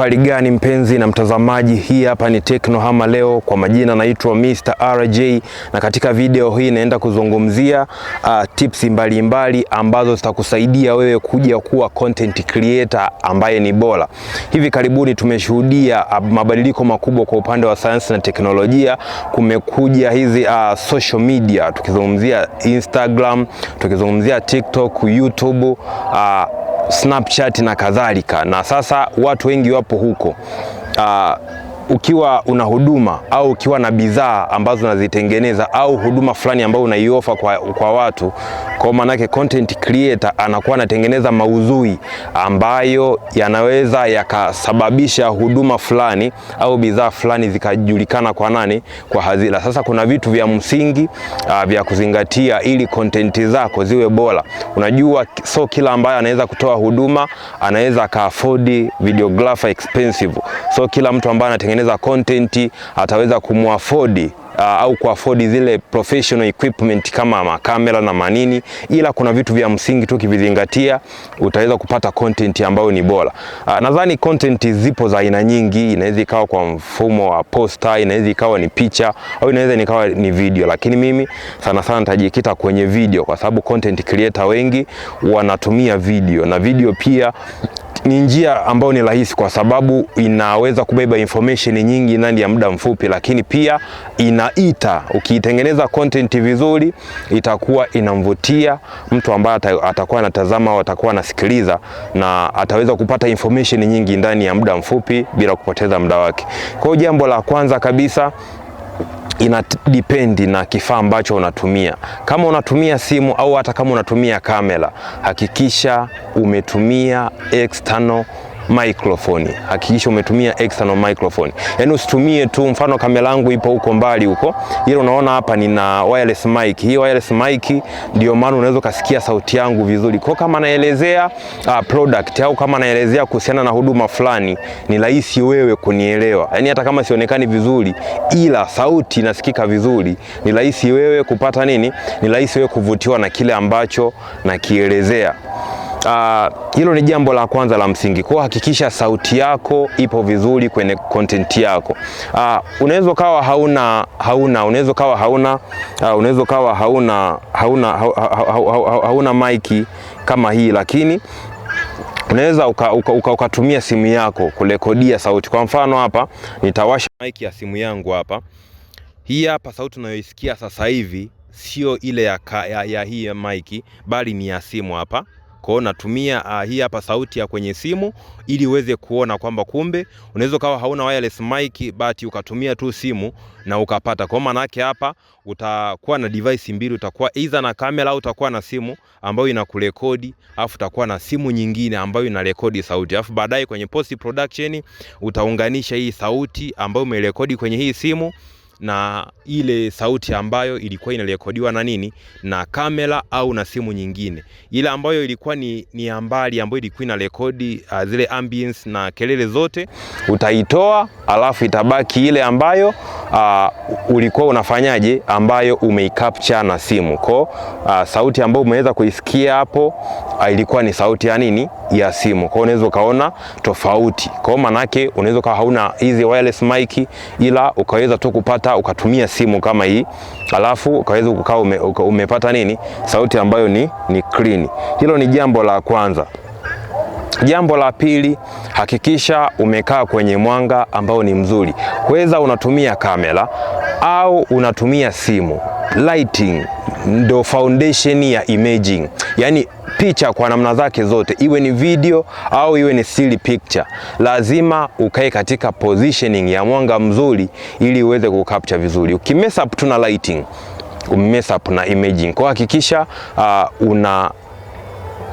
Uhali gani mpenzi na mtazamaji, hii hapa ni tekno hama leo. Kwa majina naitwa Mr RJ, na katika video hii naenda kuzungumzia uh, tips mbalimbali mbali ambazo zitakusaidia wewe kuja kuwa content creator ambaye ni bora. Hivi karibuni tumeshuhudia uh, mabadiliko makubwa kwa upande wa sayansi na teknolojia. Kumekuja hizi uh, social media, tukizungumzia Instagram, tukizungumzia TikTok, YouTube uh, Snapchat na kadhalika, na sasa watu wengi wapo huko uh, ukiwa una huduma au ukiwa na bidhaa ambazo unazitengeneza au huduma fulani ambayo unaiofa kwa, kwa watu, kwa maana yake content creator anakuwa anatengeneza mauzui ambayo yanaweza yakasababisha huduma fulani au bidhaa fulani zikajulikana kwa nani? Kwa hadhira. Sasa kuna vitu vya msingi uh, vya kuzingatia ili content zako ziwe bora. Unajua, so kila ambaye anaweza kutoa huduma anaweza ka afford videographer expensive, so kila mtu ambaye anatengeneza kutengeneza content ataweza kumuafodi Uh, au kuafford zile professional equipment kama makamera na manini, ila kuna vitu vya msingi tu kivizingatia, utaweza kupata content ambayo ni bora. Uh, nadhani content zipo za aina nyingi, inaweza ikawa kwa mfumo wa poster, inaweza ikawa ni picha au inaweza nikawa ni video, lakini mimi sana sana nitajikita kwenye video kwa sababu content creator wengi wanatumia video na video pia ni njia ambayo ni rahisi kwa sababu inaweza kubeba information nyingi ndani ya muda mfupi, lakini pia inaita, ukiitengeneza content vizuri itakuwa inamvutia mtu ambaye atakuwa anatazama au atakuwa anasikiliza na ataweza kupata information nyingi ndani ya muda mfupi bila kupoteza muda wake. Kwa hiyo jambo la kwanza kabisa ina dipendi na kifaa ambacho unatumia. Kama unatumia simu au hata kama unatumia kamera, hakikisha umetumia external microphone. Hakikisha umetumia external microphone, yaani usitumie tu, mfano kamera yangu ipo huko mbali huko, ile unaona hapa nina wireless mic. Hii wireless mic ndio maana unaweza kusikia sauti yangu vizuri, kwa kama naelezea uh, product au kama naelezea kuhusiana na huduma fulani, ni rahisi wewe kunielewa, yaani hata kama sionekani vizuri, ila sauti inasikika vizuri, ni rahisi wewe kupata nini, ni rahisi wewe kuvutiwa na kile ambacho nakielezea. Ah, hilo uh, ni jambo la kwanza la msingi. Kwa hakikisha sauti yako ipo vizuri kwenye content yako. Uh, unaweza kawa hauna hauna unaweza kawa hauna uh, unaweza kawa hauna hauna hauna, hauna, hauna maiki kama hii lakini unaweza ukatumia uka, uka, uka simu yako kurekodia sauti. Kwa mfano hapa nitawasha maiki ya simu yangu hapa. Hii hapa sauti unayoisikia sasa hivi sio ile ya, ya, ya hii ya maiki bali ni ya simu hapa. Kwa hiyo natumia uh, hii hapa sauti ya kwenye simu ili uweze kuona kwamba kumbe unaweza ukawa hauna wireless mic but ukatumia tu simu na ukapata. Kwa maana yake hapa utakuwa na device mbili, utakuwa either na kamera au utakuwa na simu ambayo inakurekodi, afu utakuwa na simu nyingine ambayo inarekodi sauti. Afu baadaye kwenye post production utaunganisha hii sauti ambayo umerekodi kwenye hii simu na ile sauti ambayo ilikuwa inarekodiwa na nini na kamera au na simu nyingine, ile ambayo ilikuwa ni, ni ambali ambayo ilikuwa inarekodi uh, zile ambience na kelele zote utaitoa, alafu itabaki ile ambayo uh, ulikuwa unafanyaje, ambayo umeicapture na simu ko uh, sauti ambayo umeweza kuisikia hapo uh, ilikuwa ni sauti ya nini ya simu. Kwa unaweza ukaona tofauti. Kwa manake unaweza ukawa hauna hizi wireless mic, ila ukaweza tu kupata ukatumia simu kama hii, alafu ukaweza ukawa ume, umepata nini, sauti ambayo ni, ni clean. Hilo ni jambo la kwanza. Jambo la pili, hakikisha umekaa kwenye mwanga ambao ni mzuri. Kweza unatumia kamera au unatumia simu. Lighting ndo foundation ya imaging, yaani picha kwa namna zake zote, iwe ni video au iwe ni still picture, lazima ukae katika positioning ya mwanga mzuri ili uweze kucapture vizuri. Ukimess up tu na lighting umess up na imaging. Kwa hakikisha uh, una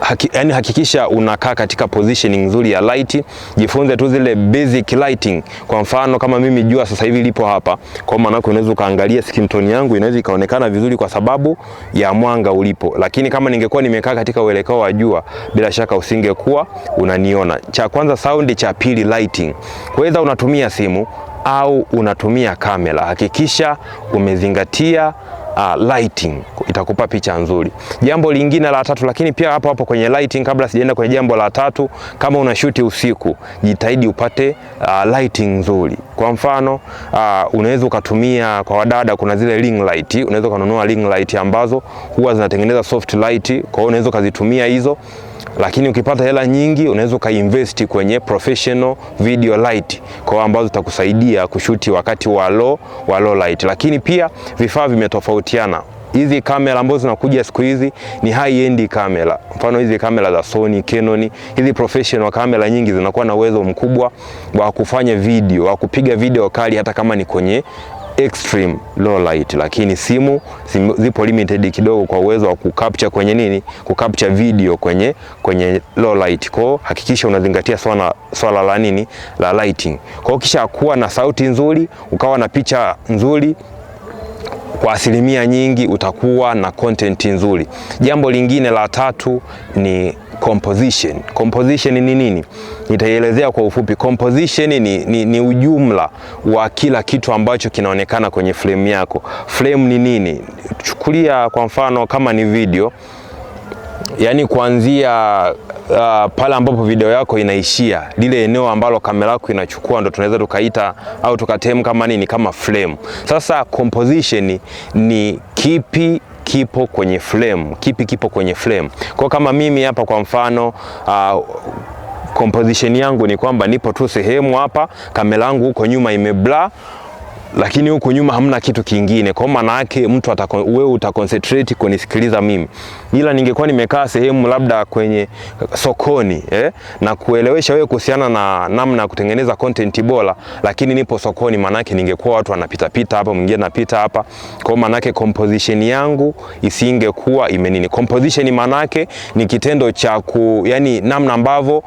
haki, yani hakikisha unakaa katika positioning nzuri ya light. Jifunze tu zile basic lighting. Kwa mfano kama mimi jua sasa hivi lipo hapa, kwa maana yako unaweza ukaangalia skin tone yangu inaweza ikaonekana vizuri kwa sababu ya mwanga ulipo, lakini kama ningekuwa nimekaa katika uelekeo wa jua, bila shaka usingekuwa unaniona. Cha kwanza sound, cha pili lighting. Kwaweza unatumia simu au unatumia kamera, hakikisha umezingatia uh, lighting itakupa picha nzuri. Jambo lingine la tatu, lakini pia hapo hapo kwenye lighting, kabla sijaenda kwenye jambo la tatu, kama unashuti usiku, jitahidi upate uh, lighting nzuri. Kwa mfano uh, unaweza ukatumia kwa wadada, kuna zile ring light, unaweza kununua ring light ambazo huwa zinatengeneza soft light, kwa hiyo unaweza ukazitumia hizo lakini ukipata hela nyingi unaweza ukainvesti kwenye professional video light kwa ambazo zitakusaidia kushuti wakati wa low, wa low light. Lakini pia vifaa vimetofautiana. Hizi kamera ambazo zinakuja siku hizi ni high end kamera, mfano hizi kamera za Sony, Canon, hizi professional kamera nyingi zinakuwa na uwezo mkubwa wa kufanya video, wa kupiga video kali, hata kama ni kwenye extreme low light, lakini simu zipo limited kidogo kwa uwezo wa kucapture kwenye nini, kucapture video kwenye, kwenye low light. Kwa hakikisha unazingatia swala, swala la nini la lighting. Kwa kisha kuwa na sauti nzuri, ukawa na picha nzuri kwa asilimia nyingi utakuwa na content nzuri. Jambo lingine la tatu ni composition. Composition ni nini? Nitaielezea kwa ufupi. Composition ni, ni, ni ujumla wa kila kitu ambacho kinaonekana kwenye frame yako. Frame ni nini? Chukulia kwa mfano kama ni video, yaani kuanzia uh, pale ambapo video yako inaishia lile eneo ambalo kamera yako inachukua ndo tunaweza tukaita au tukatem kama nini, kama frame. Sasa composition ni kipi kipo kwenye frame, kipi kipo kwenye frame. Kwa kama mimi hapa kwa mfano uh, composition yangu ni kwamba nipo tu sehemu hapa, kamera yangu huko nyuma imeblur lakini huko nyuma hamna kitu kingine. Kwa maana yake mtu atakon, wewe utaconcentrate kunisikiliza mimi, ila ningekuwa nimekaa sehemu labda kwenye sokoni eh, na kuelewesha wewe kuhusiana na namna ya kutengeneza content bora, lakini nipo sokoni, maana yake ningekuwa watu wanapita pita hapa, mwingine anapita hapa. Kwa maana yake composition yangu isingekuwa imenini. Composition maana yake ni kitendo cha ku, yani namna ambavyo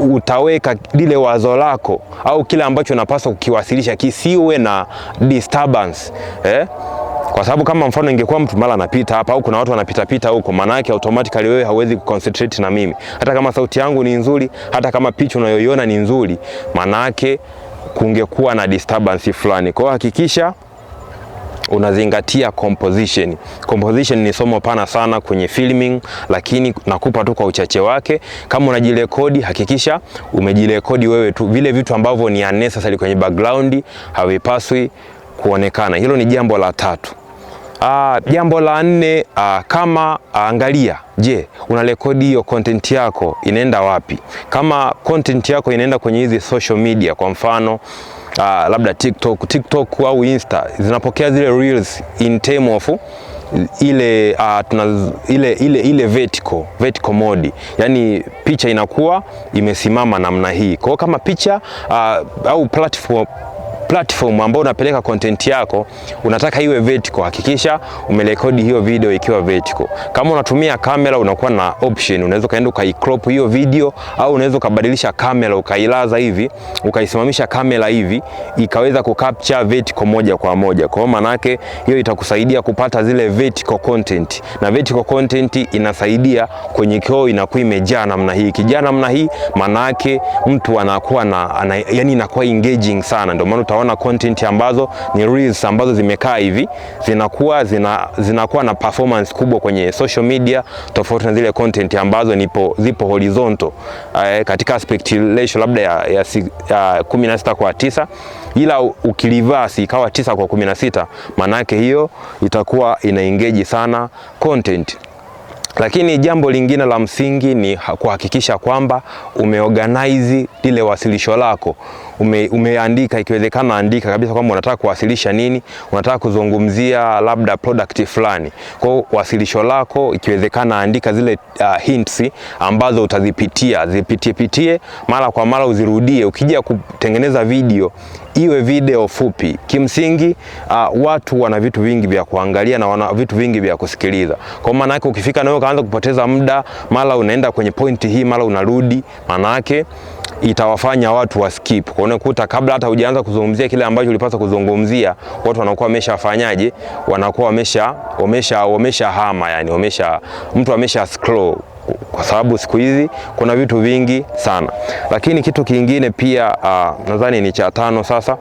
utaweka lile wazo lako au kile ambacho unapaswa kukiwasilisha kisiwe na disturbance eh? Kwa sababu kama mfano ingekuwa mtu mara anapita hapa au kuna watu wanapita pita huko, maana yake automatically wewe hauwezi kuconcentrate na mimi, hata kama sauti yangu ni nzuri, hata kama picha unayoiona ni nzuri, maana yake kungekuwa na disturbance fulani. Kwa hiyo hakikisha unazingatia composition. Composition ni somo pana sana kwenye filming, lakini nakupa tu kwa uchache wake. Kama unajirekodi, hakikisha umejirekodi wewe tu, vile vitu ambavyo ni unnecessary kwenye background havipaswi kuonekana. Hilo ni jambo la tatu. Ah, jambo la nne, ah, kama ah, angalia, je, una rekodi hiyo content yako inaenda wapi? Kama content yako inaenda kwenye hizi social media, kwa mfano uh, labda TikTok, TikTok au Insta zinapokea zile reels in term of ile, uh, ah, tuna, ile, ile, ile vertical, vertical mode, yani picha inakuwa imesimama namna hii. Kwa hiyo kama picha uh, au platform platform ambayo unapeleka content yako unataka iwe vertical, hakikisha umerekodi hiyo video ikiwa vertical. Kama unatumia kamera, unakuwa na option, unaweza kaenda ukaicrop hiyo video, au unaweza ukabadilisha kamera ukailaza hivi ukaisimamisha kamera hivi ikaweza kucapture vertical moja kwa moja. Kwa hiyo maana yake hiyo itakusaidia kupata zile vertical content, na vertical content inasaidia kwenye kioo, inakuwa imejaa namna hii, kijaa namna hii, maana yake mtu anakuwa na, ana, yani inakuwa engaging sana, ndio maana utaona content ambazo ni reels ambazo zimekaa hivi zinakuwa zina, zinakuwa na performance kubwa kwenye social media tofauti na zile content ambazo nipo, zipo horizontal uh, katika aspect ratio labda ya, ya, ya 16 kwa 9, ila ukilivasi ikawa 9 kwa 16, maana yake hiyo itakuwa ina engage sana content. Lakini jambo lingine la msingi ni kuhakikisha kwamba umeorganize lile wasilisho lako ume, umeandika ikiwezekana, andika kabisa kwamba unataka kuwasilisha nini, unataka kuzungumzia labda product fulani. Kwa hiyo wasilisho lako ikiwezekana, andika zile uh, hints ambazo utazipitia, zipitie pitie mara kwa mara, uzirudie. Ukija kutengeneza video iwe video fupi. Kimsingi uh, watu wana vitu vingi vya kuangalia na wana vitu vingi vya kusikiliza. Kwa maana yake ukifika na wewe ukaanza kupoteza muda, mara unaenda kwenye pointi hii, mara unarudi, maana yake itawafanya watu skip. Kwa unakuta kabla hata hujaanza kuzungumzia kile ambacho ulipaswa kuzungumzia, watu wanakuwa wameshafanyaje, wanakuwa wamesha wamesha wamesha hama, yani wamesha mtu amesha scroll kwa sababu siku hizi kuna vitu vingi sana. Lakini kitu kingine pia uh, nadhani ni cha tano sasa,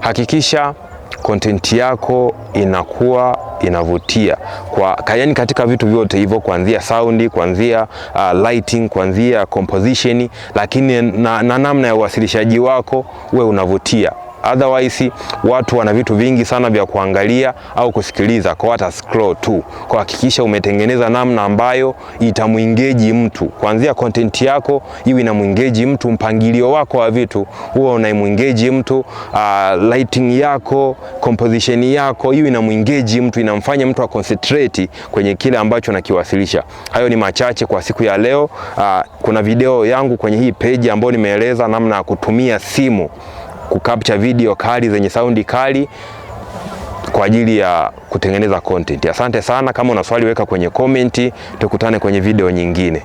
hakikisha kontenti yako inakuwa inavutia kwa kayani katika vitu vyote hivyo, kuanzia saundi, kuanzia uh, lighting, kuanzia composition, lakini na, na namna ya uwasilishaji wako we unavutia otherwise watu wana vitu vingi sana vya kuangalia au kusikiliza, kwa hata scroll tu. Kwa hakikisha umetengeneza namna ambayo itamwingeji mtu, kuanzia content yako iwe na mwingeji mtu, mpangilio wako wa vitu huwa unaimwingeji mtu, uh, lighting yako, composition yako iwe na mwingeji mtu, inamfanya mtu aconcentrate kwenye kile ambacho nakiwasilisha. Hayo ni machache kwa siku ya leo. Uh, kuna video yangu kwenye hii page ambayo nimeeleza namna ya kutumia simu kucapture video kali zenye saundi kali kwa ajili ya kutengeneza content. Asante sana. Kama una swali weka kwenye komenti, tukutane kwenye video nyingine.